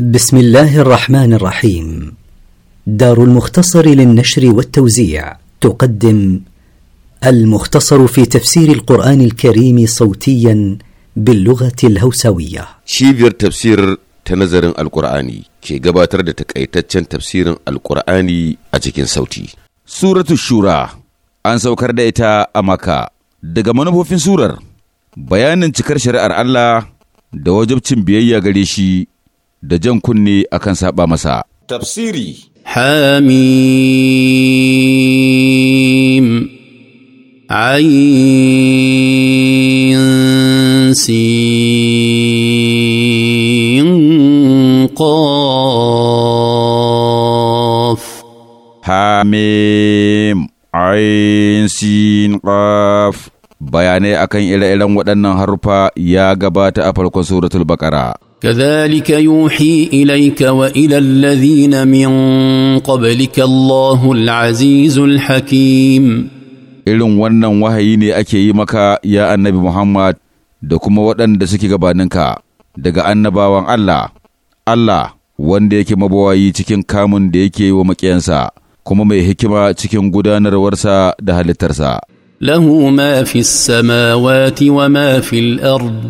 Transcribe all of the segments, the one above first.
بسم الله الرحمن الرحيم دار المختصر للنشر والتوزيع تقدم المختصر في تفسير القرآن الكريم صوتيا باللغة الهوسوية شيفير تفسير تنظر القرآن كي قباتر تكأيتتشن تفسير القرآن أجيكين صوتي سورة الشورى أن سوكر دايتا أماكا daga manufofin surar bayanin cikar shari'ar Allah da wajabcin biyayya gare shi da jan kunne akan saba masa. Tafsiri Hamim Sin Qaf Hamim Ayin Sin Qaf bayanai akan ire-iren waɗannan haruffa ya gabata a farkon suratul Bakara. كذلك يوحي اليك والى الذين من قبلك الله العزيز الحكيم irin wannan wahayi ne ake yi maka ya annabi Muhammad da kuma waɗanda suke gabaninka daga annabawan Allah Allah wanda yake mabawayi cikin kamun da yake yi wa maƙiyansa kuma mai hikima cikin gudanarwarsa da halittarsa له ما في السماوات وما في الارض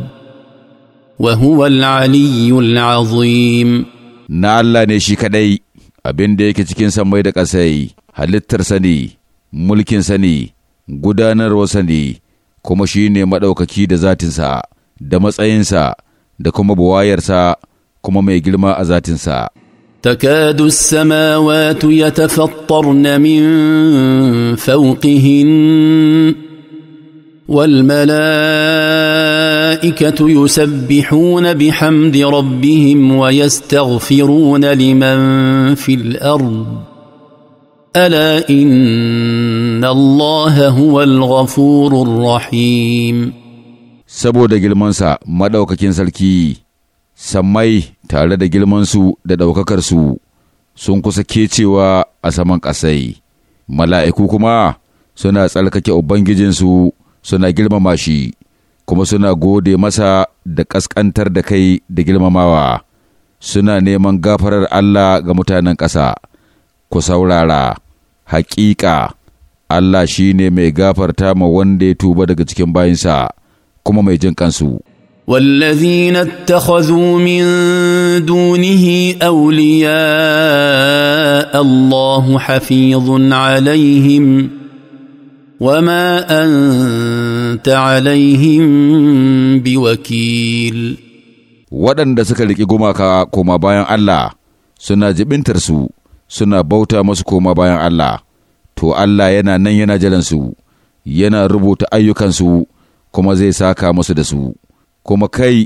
وهو العلي العظيم نالا نشيكا داي ابن ديكي تكين سموي اسي هلتر سني ملكين سني قدانر وسني كما شيني مدوكا كي سا دمس اين سا دكما بواير سا كما ميقلما ازاتين سا تكاد السماوات يتفطرن من فوقهن والملائكه يسبحون بحمد ربهم ويستغفرون لمن في الارض الا ان الله هو الغفور الرحيم سبو saboda girmansa madaukakin sarki سميه tare da girmansu da ɗaukakarsu sun kusa kecewa a saman ƙasai, mala'iku kuma suna tsarkake Ubangijinsu suna girmama shi, kuma suna gode masa da ƙasƙantar da kai da girmamawa, suna neman gafarar Allah ga mutanen ƙasa, ku saurara, haƙiƙa, Allah shi ne mai gafarta ma wanda ya tuba daga cikin bayinsa, kuma mai jin kansu. والذين اتخذوا من دونه اولياء الله حفيظ عليهم وما انت عليهم بوكيل waɗanda suka riƙi gumaka koma bayan Allah suna jibintarsu suna bauta masu koma bayan Allah to Allah yana nan yana jalansu yana rubuta ayyukansu kuma zai saka musu da su kuma kai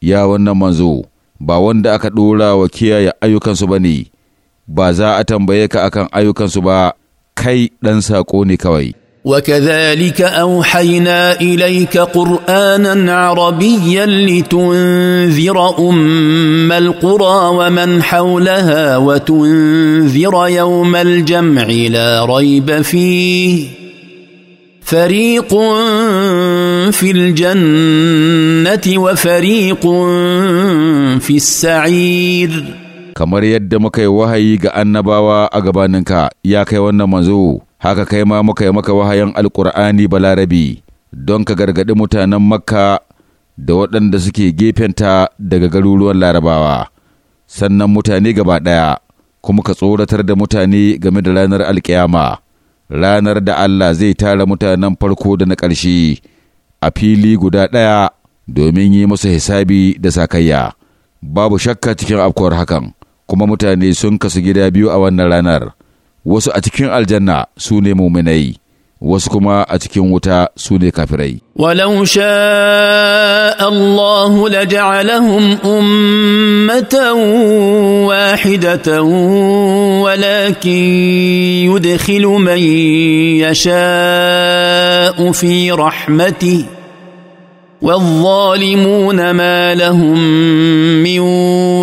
ya wannan manzo ba wanda aka ɗora wa kiyaye ayyukansu ba ne, ba za a tambaye ka akan ayyukansu ba, kai ɗan saƙo ne kawai. وكذلك اوحينا اليك قرانا عربيا لتنذر ام القرى ومن حولها وتنذر يوم الجمع لا ريب فيه فريق في الجنة وفريق في السعير kamar yadda muka yi wahayi ga annabawa a gabaninka ya kai wannan manzo haka kai ma muka yi maka wahayin alkur'ani balarabi don ka gargaɗi mutanen makka da waɗanda suke gefenta daga garuruwan larabawa sannan mutane gaba ɗaya kuma ka tsoratar da mutane game da ranar alkiyama ranar da Allah zai tara mutanen farko da na ƙarshe a fili guda ɗaya domin yi musu hisabi da sakayya. Babu shakka cikin afkuwar hakan, kuma mutane sun kasu gida biyu a wannan ranar, wasu a cikin aljanna su ne muminai. wasu kuma a cikin wuta su ne kafirai. Walau sha Allahu la ja'alahum ummatan wahidatan walakin yudkhilu man yasha'u fi rahmati والظالمون ما لهم من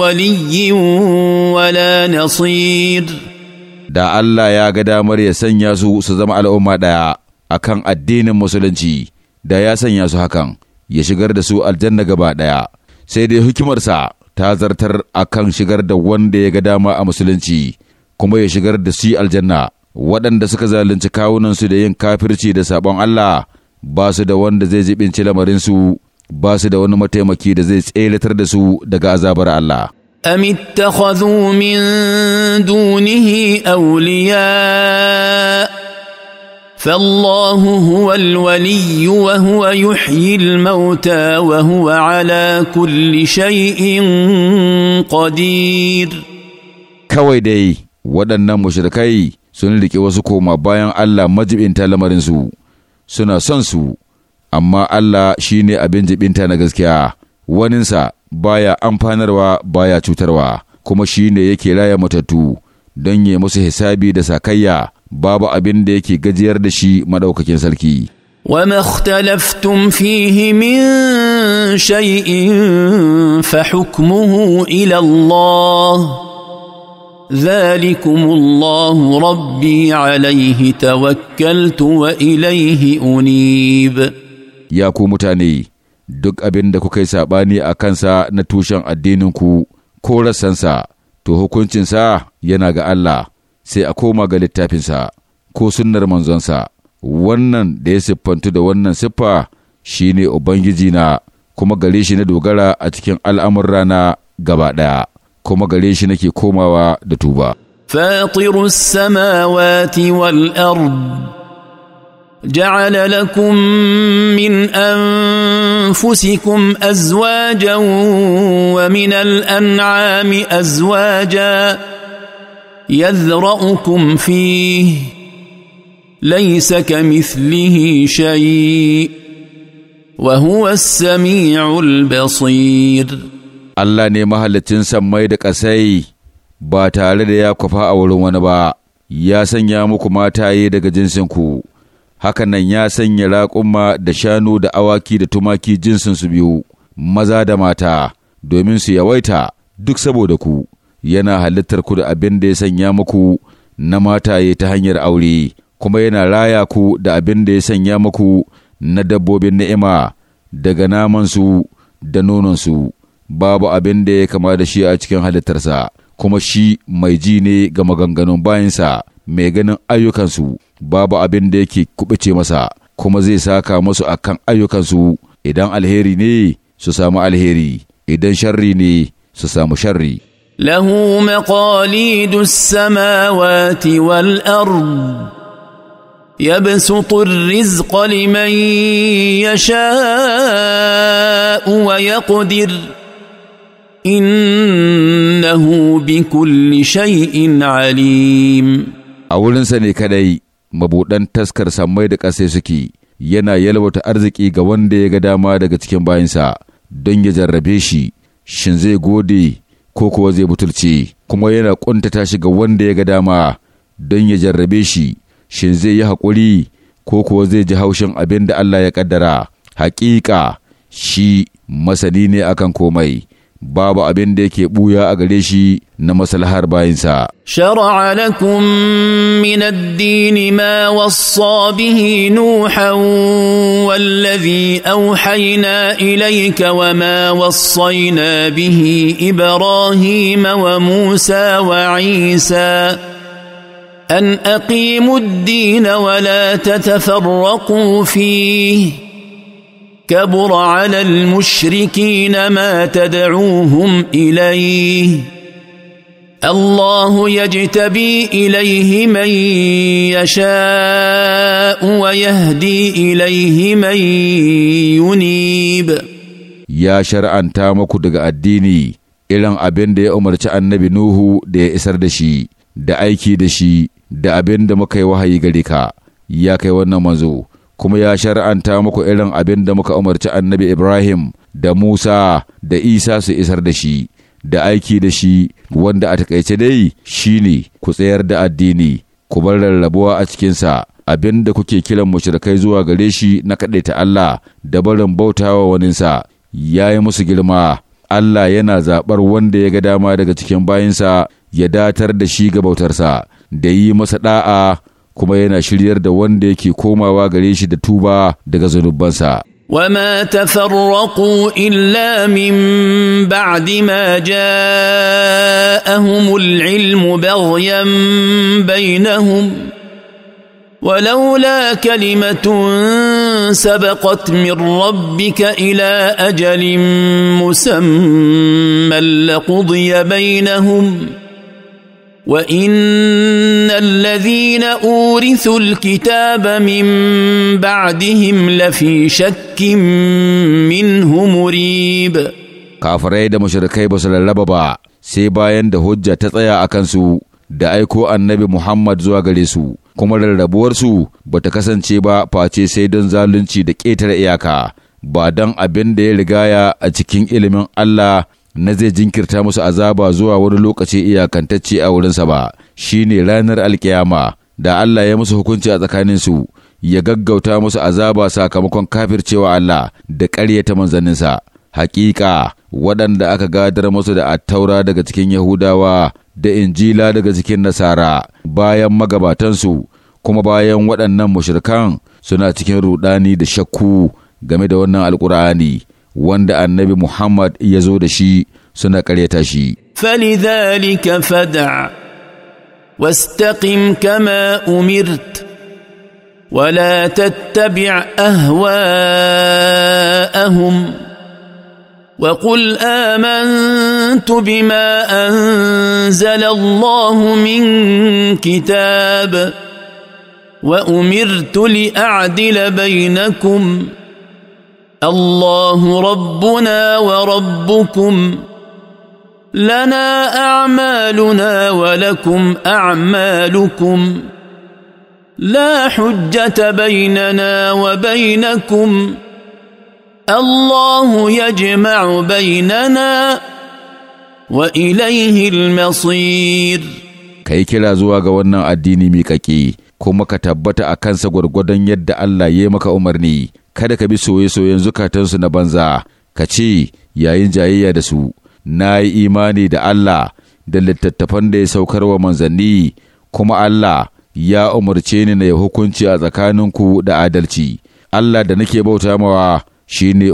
ولي ولا نصير da Allah ya ga damar ya sanya su su zama al'umma ɗaya a kan addinin musulunci da ya sanya su hakan ya shigar da su aljanna gaba ɗaya sai dai hukimarsa ta zartar a kan shigar da wanda ya ga dama a musulunci kuma ya shigar da su aljanna waɗanda suka zalunci kawunansu da yin kafirci da sabon Allah ba su da wanda zai jibinci lamarinsu ba su da wani mataimaki da zai tseratar da su daga azabar Allah. أم اتخذوا من دونه أولياء فالله هو الولي وهو يحيي الموتى وهو على كل شيء قدير kawai dai waɗannan mushrikai sun riƙe wasu koma bayan Allah majibinta lamarinsu suna son su amma Allah shine abin jibinta na gaskiya waninsa baya amfanarwa baya cutarwa kuma shi ne yake laya matattu don ya musu hisabi da sakayya babu abin da yake gajiyar da shi madaukakin sarki وما اختلفتم فيه من شيء فحكمه الى الله ذلكم الله ربي عليه توكلت واليه انيب يا كو متاني duk abin da kuka yi saɓani a kansa na tushen addininku ko rassansa, to hukuncinsa yana ga Allah, sai a koma ga littafinsa ko sunnar manzonsa, wannan da ya siffantu da wannan siffa shi ne Ubangiji na kuma gare shi na dogara a cikin al'amurrana gaba ɗaya, kuma gare shi nake komawa da tuba. فاطر السماوات جعل لكم من انفسكم ازواجا ومن الانعام ازواجا يذرأكم فيه ليس كمثله شيء وهو السميع البصير الله ne mahallicin sammai da ƙasai ba tare da ya kwafa a wurin wani ba ya sanya muku mataye daga jinsinku hakan nan ya sanya raƙuma da shanu da awaki da tumaki jinsin su biyu, maza da mata, domin su yawaita duk saboda ku, yana halittar ku da abin da ya sanya muku na mataye ta hanyar aure, kuma yana raya ku da abin da ya sanya muku na dabbobin ni'ima daga namansu da nononsu, babu abin da ya kama da shi a cikin halittarsa. kuma shi mai ji ne ga maganganun bayansa mai ganin ayyukansu babu abin da yake kuɓace masa kuma zai saka masu akan ayyukansu idan alheri ne su samu alheri idan sharri ne su samu sharri له مقاليد السماوات والارض يبسط الرزق لمن يشاء ويقدر إنه بكل شيء عليم أولن سنة كدي مبودن تسكر سمي دك أسيسكي yana yalwata arziki ga wanda ya ga dama daga cikin bayansa don ya jarrabe shi shin zai gode ko kuwa zai butulce kuma yana ƙuntata shi ga wanda ya ga dama don ya jarrabe shi shin zai yi hakuri ko kuwa zai ji haushin abin da Allah ya ƙaddara haƙiƙa shi masani ne akan komai babu abin da yake buya a gare shi na maslahar bayinsa. Shara'a lakum min addini ma wasa bihi nuhan wallazi auhayna ilayka wa ma wassayna bihi Ibrahim wa Musa wa Isa an aqimu ad-din wa la tatafarraqu fihi كبر على المشركين ما تدعوهم اليه الله يجتبي اليه من يشاء ويهدي اليه من ينيب ya shar'anta maku daga addini irin abin da ya umarci annabi Nuhu da ya isar da shi, da aiki da shi, da abin da muka yi wahayi gare ka, ya kai wannan manzo. kuma ya shar'anta muku irin abin da muka umarci annabi Ibrahim da Musa da Isa su isar da shi, da aiki da shi wanda a takaice dai shi ne ku tsayar da addini, ku bar rarrabuwa a cikinsa abin da kuke kiran mu mushrikai zuwa gare shi na kaɗaita Allah da barin bautawa waninsa ya yi musu girma. Allah yana zaɓar wanda ya ga dama daga cikin bayinsa ya datar da shi ga bautarsa da yi masa ɗa'a kuma yana shiryar da wanda yake komawa gare shi da tuba daga zunubansa. وما تفرقوا الا من بعد ما جاءهم العلم بغيا بينهم ولولا كلمه سبقت من ربك الى اجل مسمى لقضي بينهم وان الذين اورثوا الكتاب من بعدهم لفي شك منه مريب kafirai da mashirikai ba su lallaba ba sai bayan da hujja ta tsaya a kansu da aiko annabi Muhammad zuwa gare su kuma rarrabuwarsu ba ta kasance ba face sai don zalunci da ƙetare iyaka ba don abin da ya rigaya a cikin ilimin Allah na zai jinkirta musu azaba zuwa wani lokaci iyakantacce a wurinsa ba shi ne ranar alkiyama da Allah ya musu hukunci a tsakaninsu ya gaggauta musu azaba sakamakon kafircewa Allah da ƙaryata manzanninsa hakika waɗanda aka gadar musu da attaura daga cikin yahudawa da injila daga cikin nasara bayan magabatansu kuma bayan waɗannan mushrikan suna cikin rudani da shakku game da wannan alkur'ani wanda annabi Muhammad ya zo da shi suna ƙaryata shi. فلذلك فدع واستقم كما أمرت ولا تتبع أهواءهم وقل آمنت بما أنزل الله من كتاب وأمرت لأعدل بينكم ۖ الله ربنا وربكم لنا اعمالنا ولكم اعمالكم لا حجه بيننا وبينكم الله يجمع بيننا واليه المصير kai kira zuwa ga wannan addini miƙaƙe, kuma ka tabbata a kansa gwargwadon yadda Allah ya maka umarni kada ka bi soye-soyen zukatansu na banza, ka ce yayin jayayya da su, na yi imani da Allah da littattafan da ya saukar wa manzanni, kuma Allah ya umarce ni na ya hukunci a tsakaninku da adalci. Allah da nake bauta mawa shi ne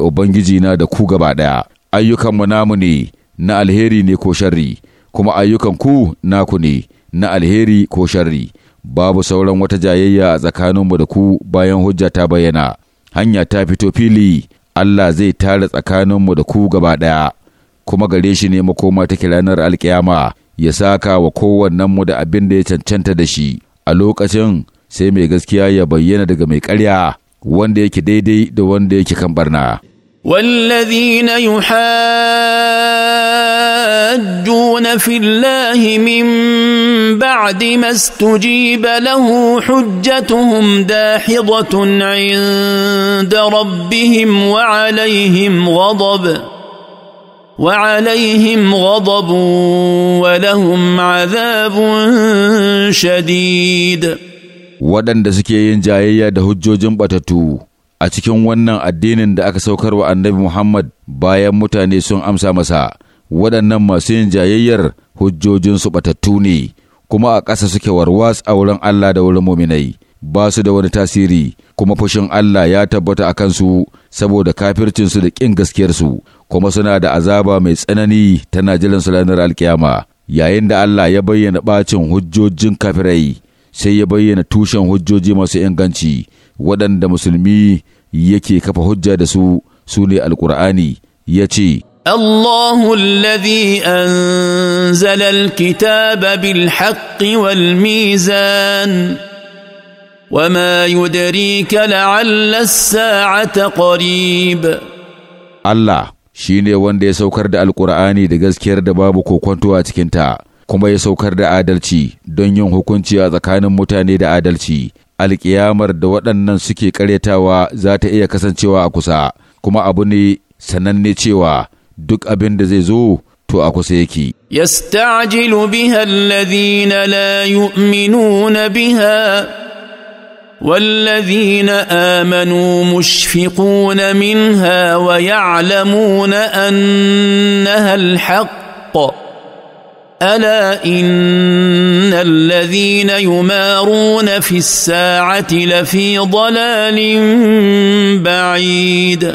na da ku gaba ɗaya, ayyukanmu namu ne, na alheri ne ko sharri, kuma ayyukan ku naku ne, na alheri ko sharri. Babu sauran wata jayayya a tsakaninmu da ku bayan hujja ta bayyana. hanya ta fito fili Allah zai tare tsakaninmu da ku gaba ɗaya kuma gare shi ne makoma take ranar alkiyama ya saka wa kowannenmu da abin da ya cancanta da shi a lokacin sai mai gaskiya ya bayyana daga mai karya wanda yake daidai da wanda yake kan barna. والذين يحاجون في الله من بعد ما استجيب له حجتهم داحضه عند ربهم وعليهم غضب وعليهم غضب ولهم عذاب شديد ودن دسكي yin jayayya da a cikin wannan addinin da aka saukar wa annabi Muhammad bayan mutane sun amsa masa, waɗannan masu yin jayayyar hujjojinsu batattu ne, kuma a ƙasa suke warwas a wurin Allah da wurin muminai, ba su da wani tasiri, kuma fushin Allah ya tabbata a kansu saboda kafircinsu da ƙin gaskiyarsu, kuma suna da azaba mai tsanani tana su ranar alkiyama. Yayin da Allah ya bayyana ɓacin hujjojin kafirai, sai ya bayyana tushen hujjoji masu inganci. waɗanda musulmi yake kafa hujja da su su ne alkur'ani ya ce الله الذي انزل الكتاب بالحق والميزان وما يدريك لعل الساعه قريب الله shine wanda ya saukar da alkur'ani da gaskiyar da babu kokwanto a cikinta kuma ya saukar da adalci don yin hukunci a tsakanin mutane da adalci alƙiyamar da waɗannan suke ƙaryatawa za ta iya kasancewa a kusa, kuma abu ne sananne cewa duk abin da zai zo to a kusa yake. Yasta'jilu biha alladhina la yu'minuna biha والذين امنوا مشفقون منها ويعلمون انها الحق الا ان الذين يمارون في الساعه لفي ضلال بعيد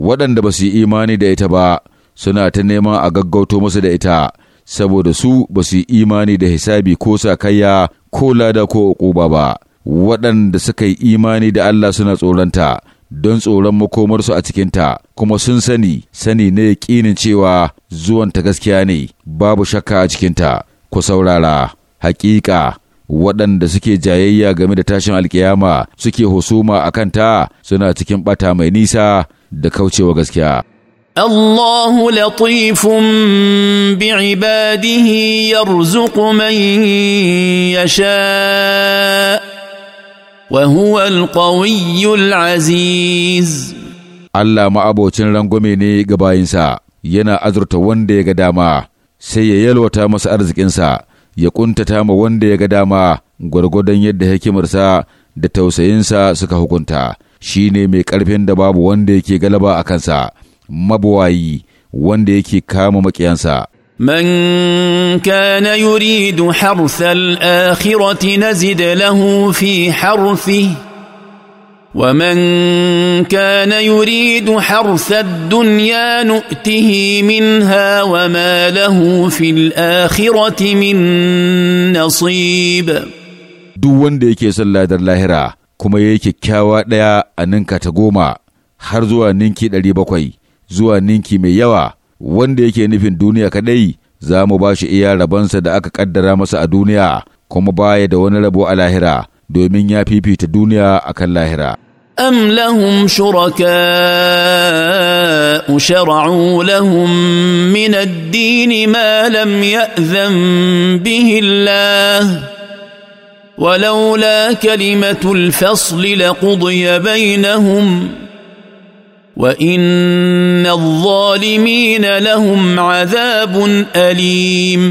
waɗanda ba yi imani da ita ba suna ta neman a gaggauto musu da ita saboda su basu yi imani da hisabi ko sakayya ko lada ko uquba ba waɗanda suka yi imani da Allah suna tsoronta don tsoron makomarsu a cikinta kuma sun sani sani ne yaƙinin cewa zuwan ta gaskiya ne babu shakka a cikinta ku saurara hakika waɗanda suke jayayya game da tashin alkiyama suke husuma a kanta suna cikin ɓata mai nisa da kaucewa gaskiya. الله لطيف بعباده يرزق من يشاء allah القوي العزيز rangwame ne ga bayinsa yana azurta wanda ya ga dama sai ya yalwata masu arzikinsa ya ƙuntata ma wanda ya ga dama gwargwadon yadda hikimarsa da tausayinsa suka hukunta shi ne mai ƙarfin da babu wanda yake galaba a kansa mabuwayi wanda yake kama makiyansa. من كان يريد حرث الاخره نزد له في حرثه ومن كان يريد حرث الدنيا نؤته منها وما له في الاخره من نصيب duk wanda yake son ladar lahira kuma ya yi kyakkyawa ɗaya a ninka ta goma har zuwa ninki ɗari bakwai zuwa ninki mai yawa wanda yake nufin duniya kadai za mu ba shi iya rabonsa da aka kaddara masa a duniya kuma baya da wani rabo a lahira domin ya fifita duniya a kan lahira أم لهم شركاء شرعوا لهم من الدين ما لم يأذن به الله ولولا كلمة الفصل لقضي بينهم وان الظالمين لهم عذاب اليم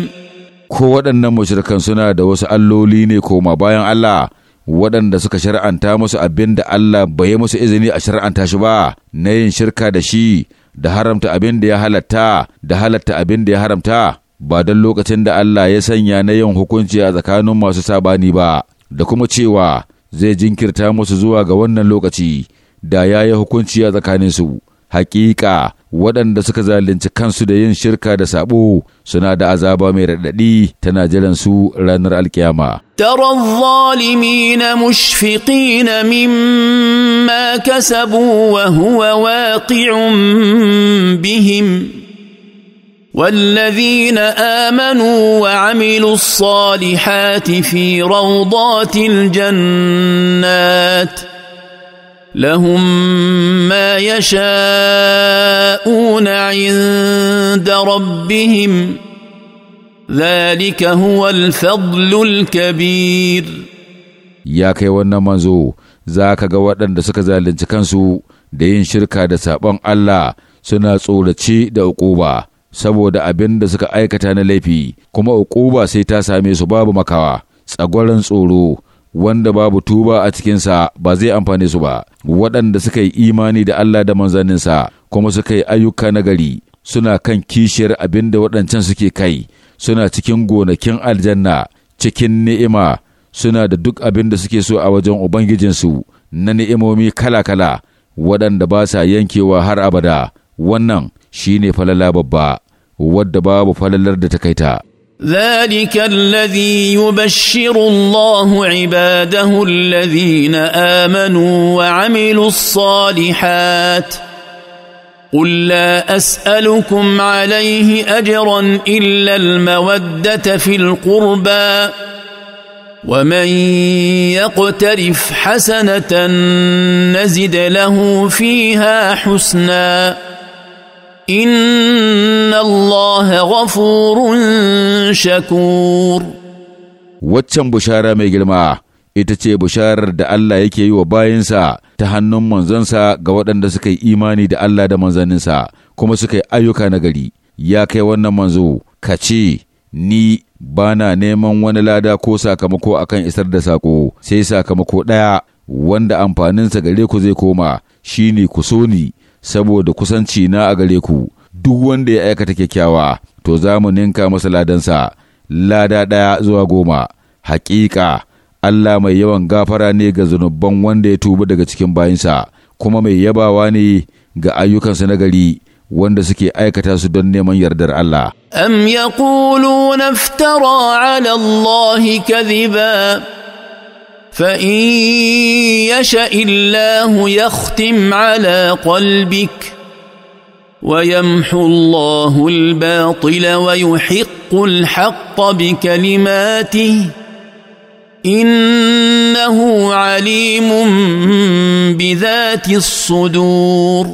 ko waɗannan mushrikan suna da wasu alloli ne koma bayan Allah waɗanda suka shar'anta musu abin da Allah bai musu izini a shar'anta shi ba na yin shirka da shi da haramta abin da ya halatta da halatta abin da ya haramta ba don lokacin da Allah ya sanya na yin hukunci a tsakanin masu sabani ba da kuma cewa zai jinkirta musu zuwa ga wannan lokaci da ya yi hukunci a tsakaninsu hakika waɗanda suka zalunci kansu da yin shirka da sabo suna da azaba mai raɗaɗi tana jiran su ranar alkiyama. Tara zalimina mushfiqina mimma kasabu wa huwa waqi'un bihim والذين امنوا وعملوا الصالحات في روضات الجنات لهم ما يشاءون عند ربهم ذلك هو الفضل الكبير يا kai wannan manzo za ka ga waɗanda suka zalunci kansu da yin shirka da saɓon Allah suna tsorace da uquba saboda abinda da suka aikata na laifi kuma uquba sai ta same su babu makawa tsagwaron tsoro wanda babu tuba a cikinsa ba zai amfane su ba waɗanda suka yi imani da Allah da manzaninsa. kuma suka yi ayyuka nagari. suna kan kishiyar abin da waɗancan suke kai suna cikin gonakin aljanna cikin ni'ima suna da duk abin da suke so a wajen ubangijinsu na ni'imomi kala-kala waɗanda ba sa yankewa har abada wannan shine falala babba wadda babu falalar da ta kaita. ذلك الذي يبشر الله عباده الذين امنوا وعملوا الصالحات قل لا اسالكم عليه اجرا الا الموده في القربى ومن يقترف حسنه نزد له فيها حسنا إن الله غفور شكور waccan bushara mai girma ita ce busharar da Allah yake yi wa bayansa ta hannun manzansa ga waɗanda suka yi imani da Allah da manzanninsa kuma suka yi ayyuka na gari, ya kai wannan manzo ka ce ni ba na neman wani lada ko sakamako akan isar da sako sai sakamako ɗaya wanda amfaninsa gare ku zai koma shine ku so ni saboda kusanci na a gare ku duk wanda ya aikata kyakkyawa to za mu ninka masa ladansa lada ɗaya zuwa goma Haƙiƙa Allah mai yawan gafara ne ga zunuban wanda ya tuba daga cikin bayinsa kuma mai yabawa ne ga ayyukansa na gari wanda suke aikata su don neman yardar Allah. Am yaquluna iftara ala Allah kadhiba فان يشا الله يختم على قلبك ويمحو الله الباطل ويحق الحق بكلماته انه عليم بذات الصدور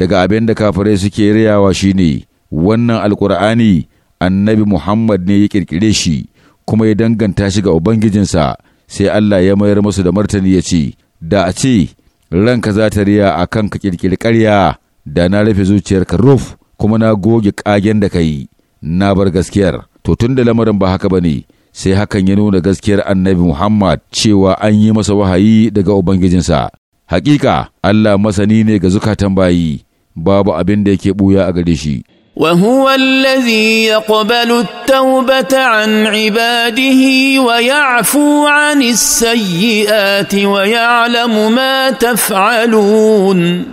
daga abin da kafirai suke rayawa shine wannan alkur'ani annabi muhammad ne ya kirkire shi kuma ya danganta shi ga ubangijinsa sai Allah ya mayar musu da martani ya ce, Da a ce, ranka za ta riya a kan ka ƙarya, da na rufe zuciyarka ruf, kuma na goge ƙagen da ka yi, na bar gaskiyar. To tun da lamarin ba haka ba ne, sai hakan ya nuna gaskiyar annabi Muhammad cewa an yi masa wahayi daga Ubangijinsa. haƙiƙa Allah masani ne ga zukatan bayi, babu abin da yake ɓuya a gare shi. وهو الذي يقبل التوبه عن عباده ويعفو عن السيئات ويعلم ما تفعلون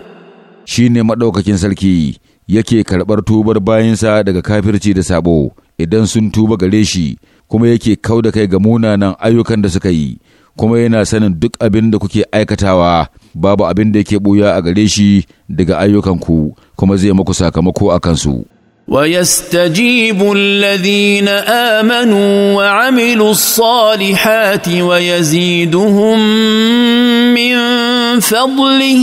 shine maɗaukakin sarki yake karɓar tubar bayansa daga kafirci da sabo idan sun tuba gare shi kuma yake kau da kai ga munanan ayyukan da suka yi kuma yana sanin duk abin da kuke aikatawa babu abin da yake ɓuya a gare shi daga ayyukanku kuma zai muku sakamako a kansu. ويستجيب الذين امنوا وعملوا الصالحات ويزيدهم من فضله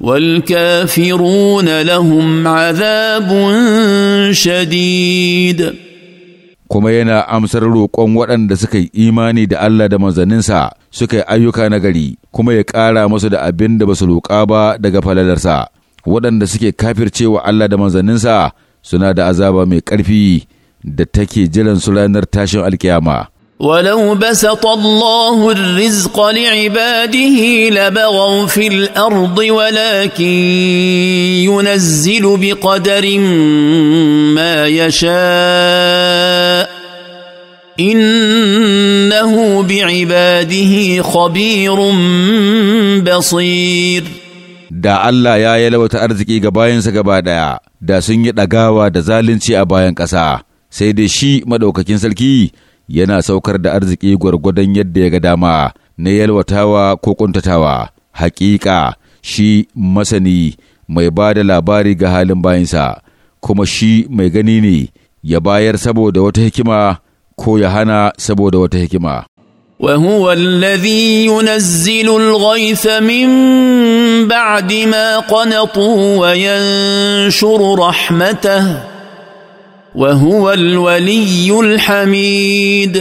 والكافرون لهم عذاب شديد kuma yana amsar roƙon waɗanda suka yi imani da Allah da manzanninsa suka yi ayyuka nagari kuma ya ƙara musu da abin da ba su roƙa ba daga falalarsa waɗanda suke kafircewa Allah da manzanninsa suna da azaba mai ƙarfi da take jiran su ranar tashin alkiyama. ولو بسط الله الرزق لعباده لبغوا في الارض ولكن ينزل بقدر ما يشاء انه بعباده خبير بصير da Allah ya yalwata arziki ga bayansa gaba ɗaya, da sun yi ɗagawa da zalunci a bayan ƙasa, sai dai shi maɗaukakin sarki yana saukar da arziki gwargwadon yadda ya ga dama na yalwatawa ko ƙuntatawa. Hakika shi masani mai ba da labari ga halin bayansa, kuma shi mai gani ne ya bayar saboda wata hikima ko ya hana saboda wata hikima. وهو الذي ينزل الغيث من بعد ما قنطوا وينشر رحمته وهو الولي الحميد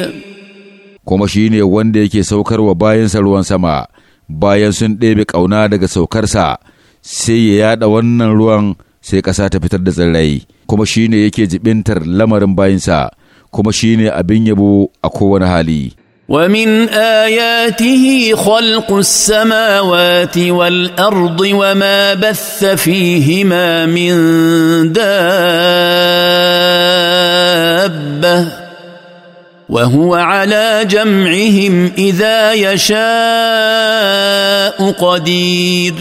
kuma shi ne wanda yake saukar wa bayansa ruwan sama bayan sun ɗebe ƙauna daga saukarsa sai ya yaɗa wannan ruwan sai ƙasa ta fitar da tsirrai kuma shi ne yake jibintar lamarin bayansa kuma shi ne abin yabo a kowane hali ومن اياته خلق السماوات والارض وما بث فيهما من دابه وهو على جمعهم اذا يشاء قدير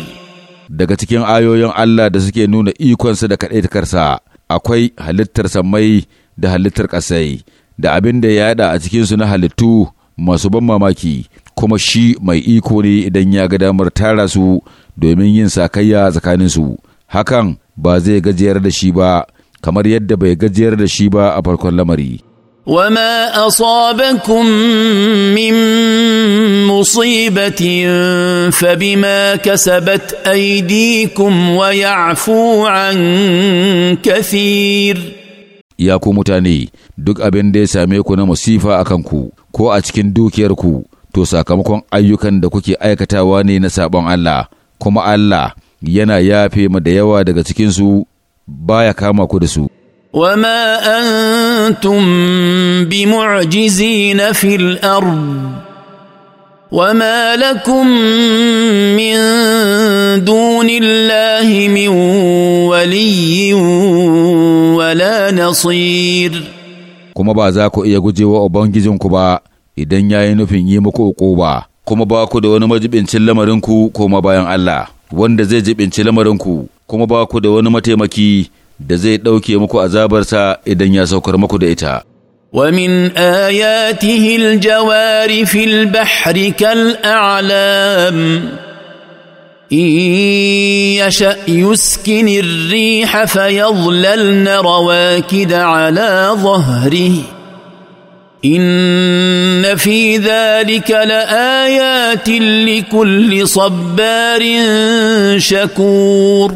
daga cikin ayoyin Allah da suke nuna ikonsa da kaɗaitakarsa akwai halittar samai da halittar ƙasai da abin da ya yada a cikinsu na halittu masu ban mamaki kuma shi mai iko ne idan ya ga damar tara su domin yin sakayya tsakanin su hakan ba zai gajiyar da shi ba kamar yadda bai gajiyar da shi ba a farkon lamari وما اصابكم من مصيبه فبما كسبت ايديكم ويعفو عن كثير ya ku mutane duk abin da ya same ku na masifa a ku. ko a cikin dukiyarku to sakamakon ayyukan da kuke aikatawa ne na sabon Allah kuma Allah yana yafe ma da yawa daga cikinsu baya kama ku da su وما أنتم بمعجزين في الأرض وما لكم من دون الله من ولي ولا نصير kuma ba za ku iya gujewa Ubangijinku ba idan ya yi nufin yi muku ba kuma ba ku da wani majibincin lamarinku koma bayan Allah, wanda zai jibinci lamarinku, kuma ba ku da wani mataimaki da zai ɗauke muku azabarsa idan ya saukar muku da ita. ومن آياته الجوار في البحر كالأعلام إن يشأ يسكن الريح فيظللن رواكد على ظهره إن في ذلك لآيات لكل صبار شكور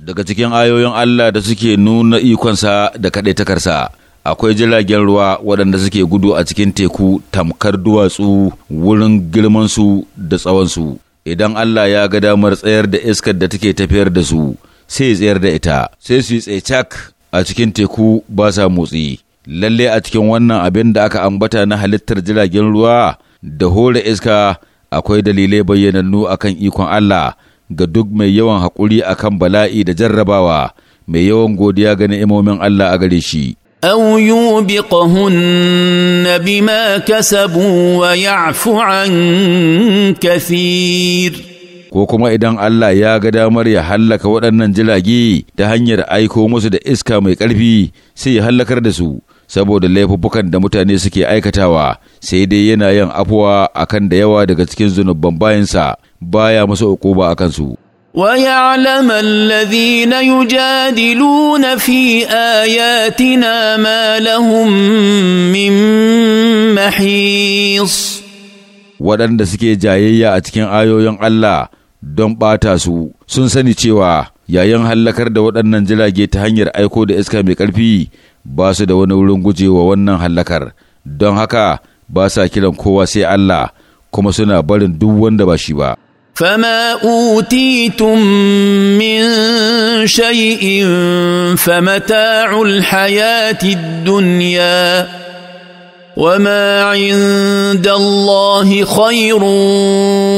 daga cikin ayoyin Allah da suke nuna ikonsa da kaɗaitakarsa akwai jiragen ruwa waɗanda suke gudu a cikin teku tamkar duwatsu wurin girmansu da tsawonsu idan Allah ya ga damar tsayar da iskar da take tafiyar da su sai tsayar da ita sai su yi tsaycak a cikin teku ba sa motsi lalle a cikin wannan abin da aka ambata na halittar jiragen ruwa da hore iska akwai dalilai bayyanannu akan ikon Allah ga duk mai yawan haƙuri akan bala'i da jarrabawa mai yawan godiya ga ni'imomin Allah a gare shi أو يوبقهن بما كسبوا ويعف عن كثير ko kuma idan Allah ya ga damar ya hallaka waɗannan jirage ta hanyar aiko musu da iska mai ƙarfi sai ya hallakar da su saboda laifuffukan da mutane suke aikatawa sai dai yana yin afuwa akan da yawa daga cikin zunubban bayansa baya musu ba akan su ويعلم الذين يجادلون في اياتنا ما لهم من محيص waɗanda suke jayayya a cikin ayoyin Allah don ɓata su sun sani cewa yayin hallakar da waɗannan jirage ta hanyar aiko da iska mai ƙarfi ba su da wani wurin gujewa wannan hallakar don haka ba sa kiran kowa sai Allah kuma suna barin duk wanda ba shi ba. فما اوتيتم من شيء فمتاع الحياه الدنيا وما عند الله خير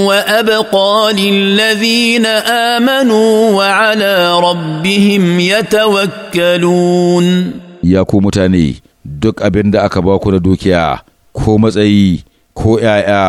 وابقى للذين امنوا وعلى ربهم يتوكلون يا كومتاني duk abin da aka ba ku na dukiya ko matsayi ko ‘ya'ya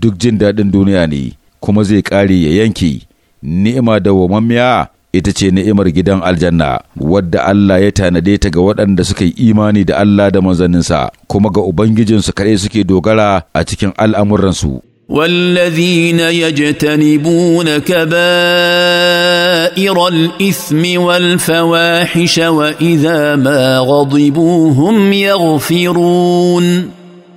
duk jin daɗin duniya ne’ kuma zai ƙare ya yanke ni'ima dawwamammiya ita ce ni'imar gidan aljanna wadda Allah ya tanade ta ga waɗanda suka yi imani da Allah da manzanninsa kuma ga ubangijinsu kaɗai suke dogara a cikin al'amuransu والذين يجتنبون كبائر الاثم والفواحش واذا ما غضبوا هم يغفرون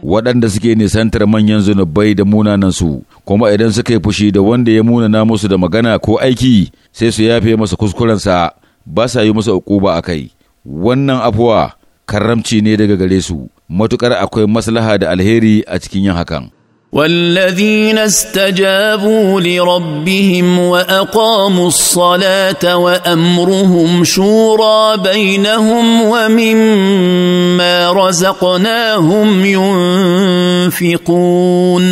waɗanda suke nisantar manyan zunubai da munanansu kuma idan suka yi fushi da wanda ya munana musu da magana ko aiki sai su yafe masa kuskurensa ba sa yi masa ukuba a kai wannan afuwa karramci ne daga gare su matukar akwai maslaha da alheri a cikin yin hakan والذين استجابوا لربهم واقاموا الصلاه وامرهم شورى بينهم ومما رزقناهم ينفقون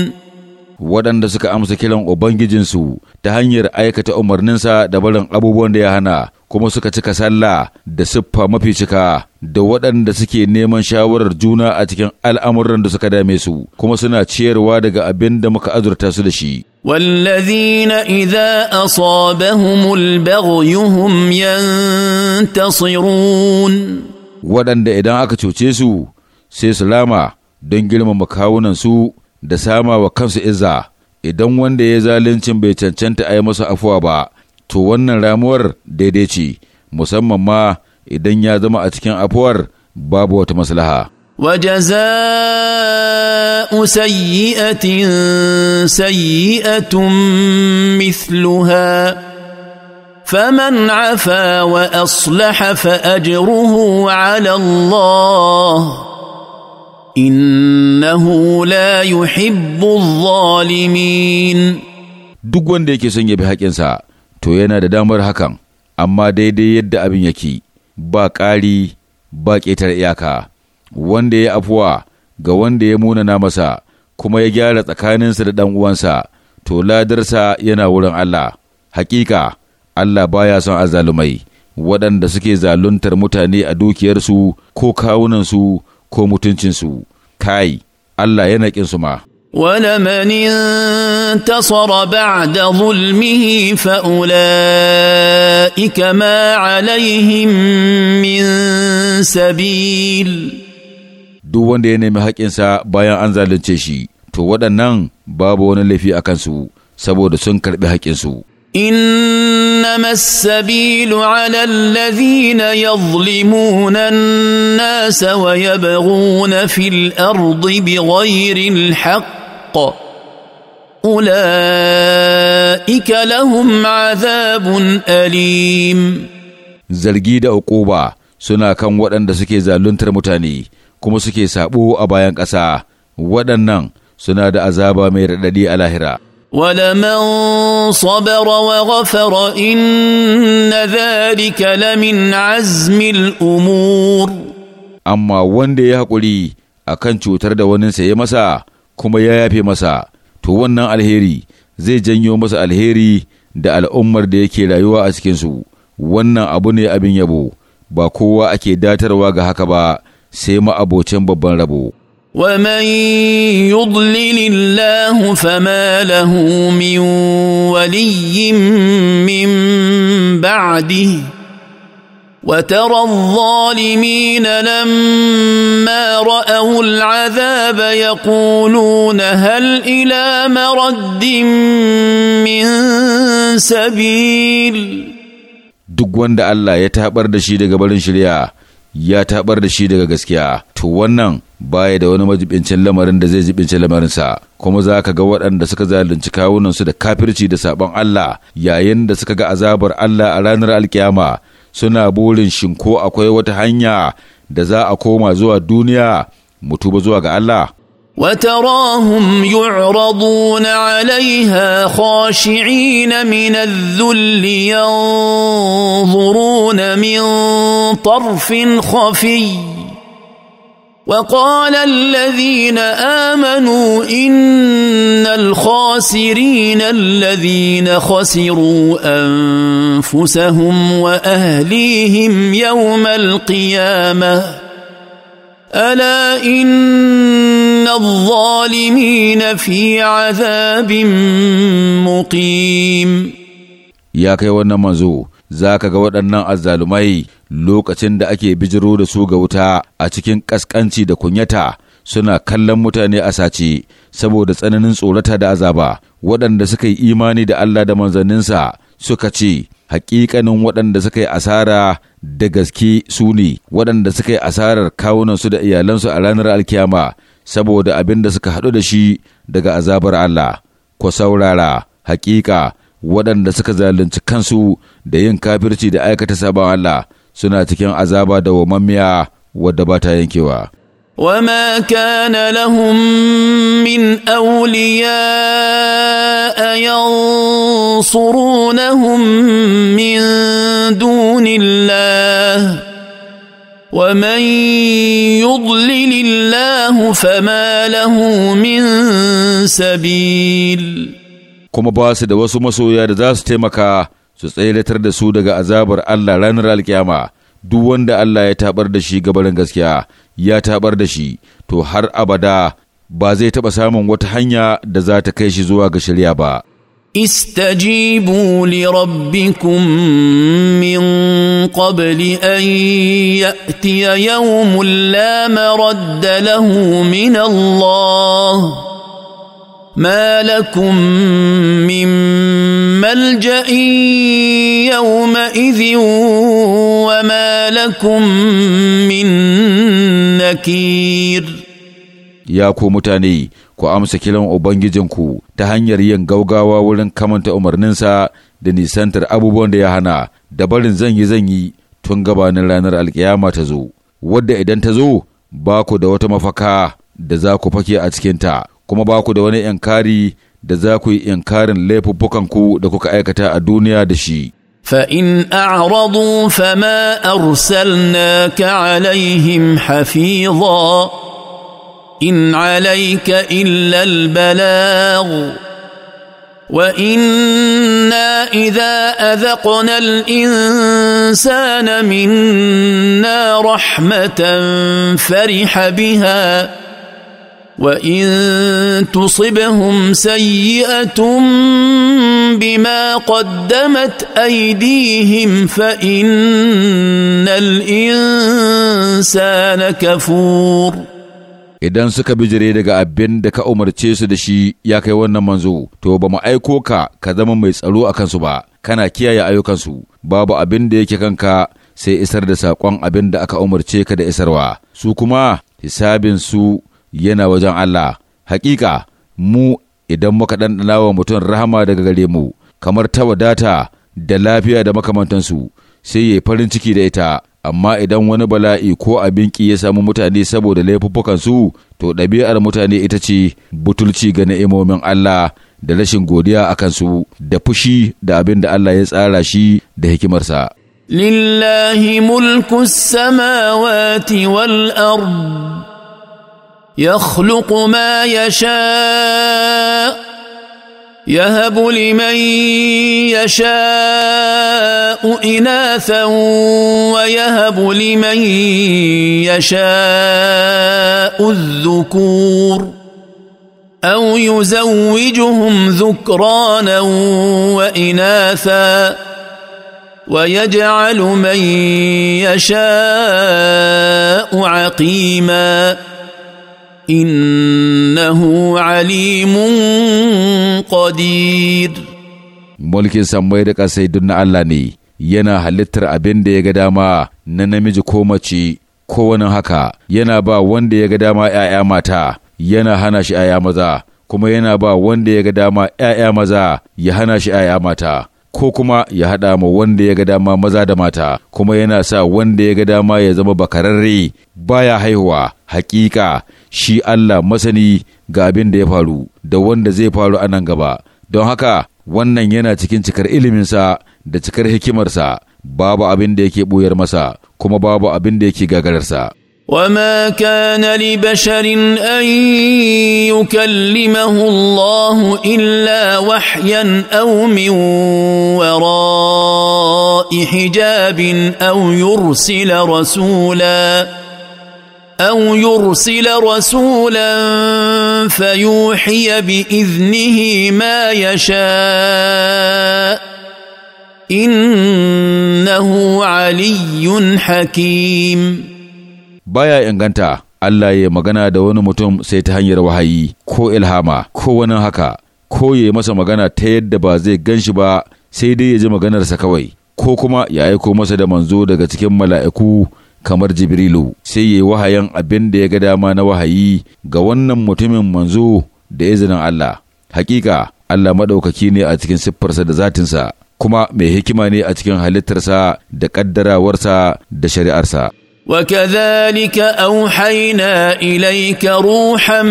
waɗanda suka amsa kiran Ubangijinsu ta hanyar aikata umarninsa da barin abubuwan da ya hana kuma suka cika sallah da siffa mafi cika da waɗanda suke neman shawarar juna a cikin al'amuran da suka dame su, kuma suna ciyarwa daga abin da muka azurta su da shi. wallazina إذا أصابهم البغي yantasirun ينتصرون waɗanda idan aka cuce su sai su lama don girmama su da sama wa kansu izza idan wanda ya zaluncin bai cancanta a yi masa afuwa ba to wannan ramuwar daidai ce musamman ma idan ya zama a cikin afuwar babu wata maslaha. wa سيئة سيئة مثلها فمن عفا وأصلح فأجره على la إنه لا يحب الظالمين duk wanda yake son ya bi haƙinsa to yana da damar hakan amma daidai yadda abin yake ba ƙari ba ƙetar iyaka wanda ya afuwa ga wanda ya munana masa kuma ya gyara tsakaninsa da ɗan uwansa to ladarsa yana wurin Allah hakika Allah baya son azalumai, waɗanda suke zaluntar mutane a dukiyarsu ko kawunansu ko mutuncinsu kai Allah yana ƙinsu ma ولمن انتصر بعد ظلمه فاولئك ما عليهم من سبيل duk wanda ya nemi haƙƙinsa bayan an zalunce shi to waɗannan babu wani laifi a kansu saboda sun karɓi haƙinsu انما السبيل على الذين يظلمون الناس ويبغون في الارض بغير الحق الحق أولئك لهم عذاب أليم zargi da uquba suna kan waɗanda suke zaluntar mutane kuma suke saɓo a bayan ƙasa waɗannan suna da azaba mai raɗaɗi a lahira ولمن صبر وغفر إن ذلك لمن عزم الأمور أما وندي يقولي أكن cutar da waninsa ya masa kuma ya yafe masa to wannan alheri zai janyo masa alheri da al'ummar da yake rayuwa a cikinsu wannan abu ne abin yabo ba kowa ake datarwa ga haka ba sai ma'abocin babban rabo ومن يضلل الله فما له من ولي من بعده وترى الظالمين لما راوا العذاب يقولون هل الى مرد من سبيل duk wanda Allah ya taɓar da shi daga barin shirya ya taɓar da shi daga gaskiya to wannan baya da wani majibincin lamarin da zai jibince lamarinsa kuma za ka ga waɗanda suka zalunci kawunansu da kafirci da saɓon Allah yayin da suka ga azabar Allah a ranar alkiyama suna burin shin ko akwai wata hanya da za a koma zuwa duniya mutuba zuwa ga Allah وتراهم يعرضون عليها خاشعين من الذل ينظرون من طرف خفي وقال الذين امنوا ان الخاسرين الذين خسروا انفسهم واهليهم يوم القيامه الا ان الظالمين في عذاب مقيم يا كيوانا مزو ذاك غودنا الظالمين lokacin da ake bijiro da su ga wuta a cikin ƙasƙanci da kunyata suna kallon mutane a sace saboda tsananin tsorata da azaba waɗanda suka yi imani da Allah da manzanninsa suka ce hakikanin waɗanda suka yi asara da gaske su ne waɗanda suka yi asarar kawunansu da iyalansu a ranar alkiyama saboda abin da suka haɗu da shi daga azabar Allah ko saurara hakika waɗanda suka zalunci kansu da yin kafirci da aikata sabon Allah suna cikin azaba da wamammiya wadda ba ta yankewa. وما كان لهم من اولياء ينصرونهم من دون الله ومن يضلل الله فما له من سبيل kuma ba su da wasu masoya da za su taimaka su tsailatar da su daga azabar Allah ranar alkiyama duk wanda Allah ya tabar da shi gabarin gaskiya ya tabar da shi to har abada ba zai taɓa samun wata hanya da za ta kai shi zuwa ga shari'a ba. استجيبوا لربكم من قبل ان ياتي يوم لا مرد له من الله ما لكم من ملجأ يومئذ وما لكم من نكير ya ku mutane ku amsa kiran ubangijinku ta hanyar yin gaugawa wurin kamanta umarninsa da nisantar abubuwan da ya hana da barin zanyi zanyi tun gabanin ranar alkiyama ta zo wadda idan ta zo ba ku da wata mafaka da za ku fake a cikin ta kuma ba ku da wani yankari da za ku yi inkarin laifuffukanku da kuka aikata a duniya da shi. فإن أعرضوا فما أرسلناك عليهم حفيظا إن عليك إلا البلاغ وإنا إذا أذقنا الإنسان منا رحمة فرح بها وان تصبهم سيئه بما قدمت ايديهم فان الانسان كفور idan suka bijire daga abin da ka umarce su da shi ya kai wannan manzo to ba mu aiko ka ka zama mai tsaro a kansu ba kana kiyaye ayyukansu babu abin da yake kanka sai isar da saƙon abin da aka umarce ka da isarwa su kuma hisabin su yana wajen Allah hakika mu idan muka ɗanɗana wa mutum rahama daga gare mu kamar ta wadata da lafiya da makamantansu sai ya farin ciki da ita amma idan wani bala'i ko abin ki ya samu mutane saboda laifuffukansu to ɗabi'ar mutane ita ce butulci ga na'imomin Allah da rashin godiya a kansu da fushi da abin da Allah ya tsara shi da hikimarsa. Lillahi mulkus samawati wal يخلق ما يشاء يهب لمن يشاء اناثا ويهب لمن يشاء الذكور او يزوجهم ذكرانا واناثا ويجعل من يشاء عقيماً innahu alimun qadir mulkin sammai da ƙasai duk na Allah ne yana halittar abin da ya ga dama na namiji ko mace ko haka yana ba wanda ya ga dama ‘ya'ya mata yana hana shi ‘ya'ya maza kuma yana ba wanda ya ga dama ‘ya'ya maza ya hana shi ‘ya'ya mata ko kuma ya haɗa ma wanda ya ga dama maza da mata kuma yana sa wanda ya ga dama ya zama bakararre baya haihuwa haƙiƙa. shi Allah masani ga abin da ya faru da wanda zai faru a nan gaba don haka wannan yana cikin cikar iliminsa da cikar hikimarsa babu abin da yake ɓoyar masa kuma babu abin da yake gagararsa. وما كان لبشر ان يكلمه الله الا وحيا او من وراء حجاب او يرسل رسولا أو يرسل رسولا فيوحي بإذنه ما يشاء إنه علي حكيم baya inganta Allah ya magana da wani mutum sai ta hanyar wahayi ko ilhama ko wani haka ko ya masa magana ta yadda ba zai gan shi ba sai dai ya ji maganarsa kawai ko kuma ya aiko masa da manzo daga cikin mala'iku kamar Jibrilu sai yayi wahayan abin da ya ga dama na wahayi ga wannan mutumin manzo da izinin Allah hakika Allah maɗaukaki ne a cikin siffarsa da zatinsa kuma mai hikima ne a cikin halittarsa da ƙaddarawarsa da shari'arsa وكذلك اوحينا اليك روحا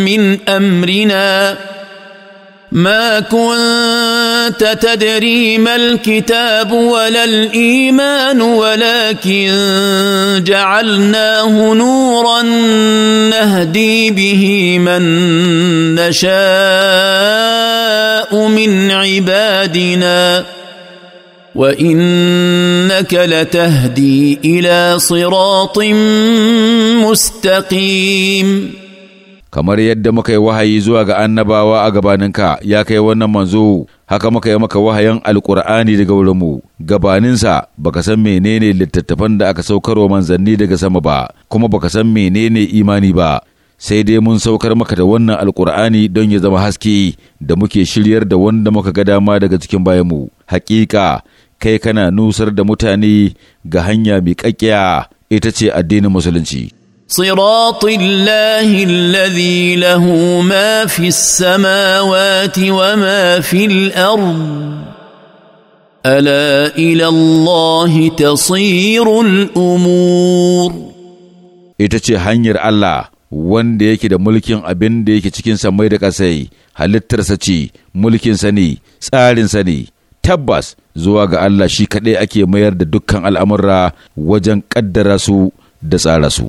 من امرنا ما كنت تدري ما الكتاب ولا الايمان ولكن جعلناه نورا نهدي به من نشاء من عبادنا وانك لتهدي الى صراط مستقيم kamar yadda muka yi wahayi zuwa ga annabawa a gabaninka ya kai wannan manzo haka muka yi maka wahayin alkur'ani daga wurinmu gabaninsa baka san menene littattafan da aka saukar wa manzanni daga sama ba kuma baka san menene imani ba sai dai mun saukar maka da wannan alkur'ani don ya zama haske da muke shiryar da wanda muka ga dama daga cikin bayanmu hakika kai kana nusar da mutane ga hanya miƙaƙƙiya ita ce addinin musulunci صراط الله الذي له ما في السماوات وما في الارض الا الى الله تصير الامور ita ce hanyar Allah wanda yake da mulkin abin da yake cikin samai da ƙasai halittarsa ce mulkin ne tsarin ne tabbas zuwa ga Allah shi kaɗai ake mayar da dukkan al'amurra wajen ƙaddara su da tsara su